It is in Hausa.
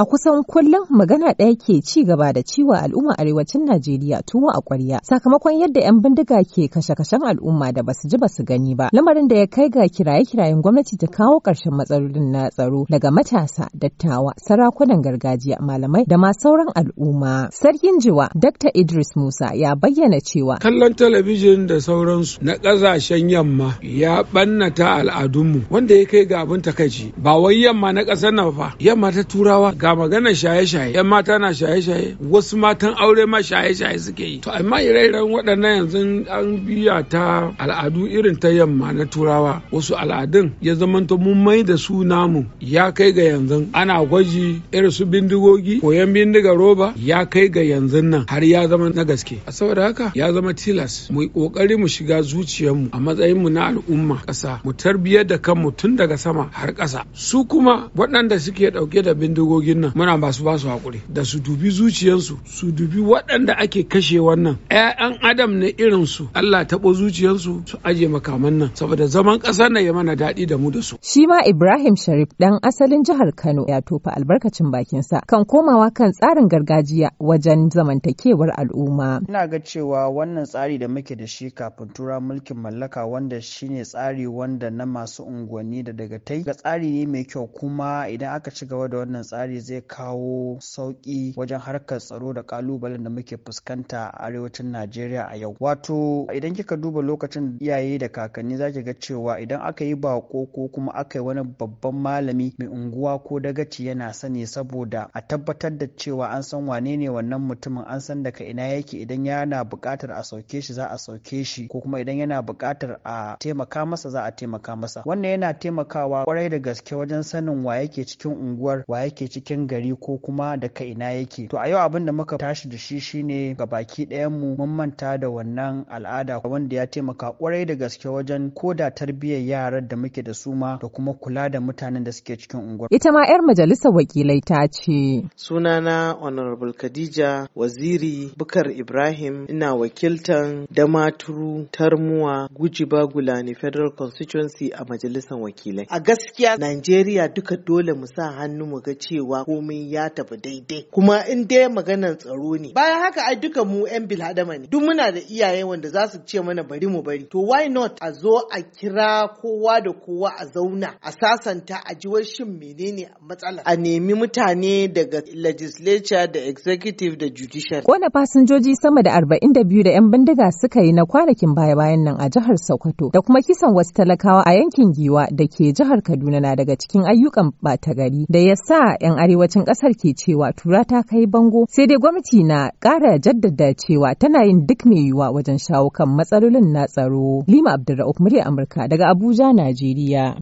A kusan kullum magana ɗaya ke ci gaba da ciwa al'umma arewacin Najeriya tuwo a ƙwarya sakamakon yadda 'yan bindiga ke kashe-kashen al'umma da basu ji basu gani ba. Lamarin da ya kai ga kiraye-kirayen gwamnati ta kawo ƙarshen matsalolin na tsaro daga matasa, dattawa, sarakunan gargajiya, malamai da ma sauran al'umma. Sarkin Jiwa Dr. Idris Musa ya bayyana cewa kallon talabijin da sauransu na ƙasashen yamma ya ta al'adunmu wanda ya kai ga abin takaici ba wai yamma na ƙasar nan fa yamma ta turawa ga ga magana shaye-shaye yan mata na shaye-shaye wasu matan aure ma shaye-shaye suke yi to amma ire-iren waɗannan yanzu an biya ta al'adu irin ta yamma na turawa wasu al'adun ya zamanta mun mai da su namu ya kai ga yanzu ana gwaji irin su bindigogi koyan bindiga roba ya kai ga yanzu nan har ya zama na gaske a saboda haka ya zama tilas mu kokari mu shiga mu. a matsayin mu na al'umma ƙasa mu tarbiyar da kanmu tun daga sama har ƙasa su kuma waɗanda suke ɗauke da bindigogin nan muna masu basu hakuri da su dubi zuciyarsu su dubi waɗanda ake kashe wannan ƴaƴan adam na irin su Allah taɓo zuciyarsu su aje makaman nan saboda zaman ƙasar nan ya mana daɗi da mu da su shi ma Ibrahim Sharif ɗan asalin jihar Kano ya tofa albarkacin bakin sa kan komawa kan tsarin gargajiya wajen zamantakewar al'umma ina ga cewa wannan tsari da muke da shi kafin tura mulkin mallaka wanda shine tsari wanda na masu unguwanni da dagatai ga tsari ne mai kyau kuma idan aka ci gaba da wannan tsari zai kawo sauki wajen harkar tsaro da ƙalubalen da muke fuskanta a arewacin najeriya a yau wato idan kika duba lokacin iyaye da kakanni zaki ga cewa idan aka yi bako ko kuma aka yi wani babban malami mai unguwa ko dagaci yana sani saboda a tabbatar da cewa an san wane ne wannan mutumin an san daga ina yake idan yana buƙatar a sauke shi za a sauke shi ko kuma idan yana buƙatar a taimaka masa za a taimaka masa wannan yana taimakawa kwarai da gaske wajen sanin wa yake cikin unguwar wa yake cikin cikin gari ko kuma daga ina yake to a yau abin da muka tashi da shi shine ga baki ɗayan mu mun manta da wannan al'ada wanda ya taimaka kwarai da gaske wajen koda tarbiyyar yaran da muke da su ma da kuma kula da mutanen da suke cikin unguwar ita ma yar majalisar wakilai ta ce sunana honorable khadija waziri bukar ibrahim ina wakiltan damaturu tarmuwa gujiba gulani federal constituency a majalisar wakilai a gaskiya najeriya duka dole mu sa hannu mu ga cewa komai ya tafi daidai kuma in dai maganar tsaro ne bayan haka ai duka mu yan bilhadama ne duk muna da iyaye wanda za su ce mana bari mu bari to why not a zo a kira kowa da kowa a zauna a sasanta a ji shin menene matsala a nemi mutane daga legislature da executive da judicial kona fasinjoji sama da 42 da yan bindiga suka yi na kwanakin baya-bayan nan a jihar Sokoto da kuma kisan wasu talakawa a yankin Giwa da ke jihar Kaduna na daga cikin ayyukan Bata gari da ya sa 'yan arewacin ƙasar ke cewa tura ta kai bango sai dai gwamnati na ƙara jaddada cewa tana yin duk mai yiwuwa wajen shawo kan matsalolin na tsaro. Lima Abdulra'uf murya Amurka daga Abuja, Najeriya.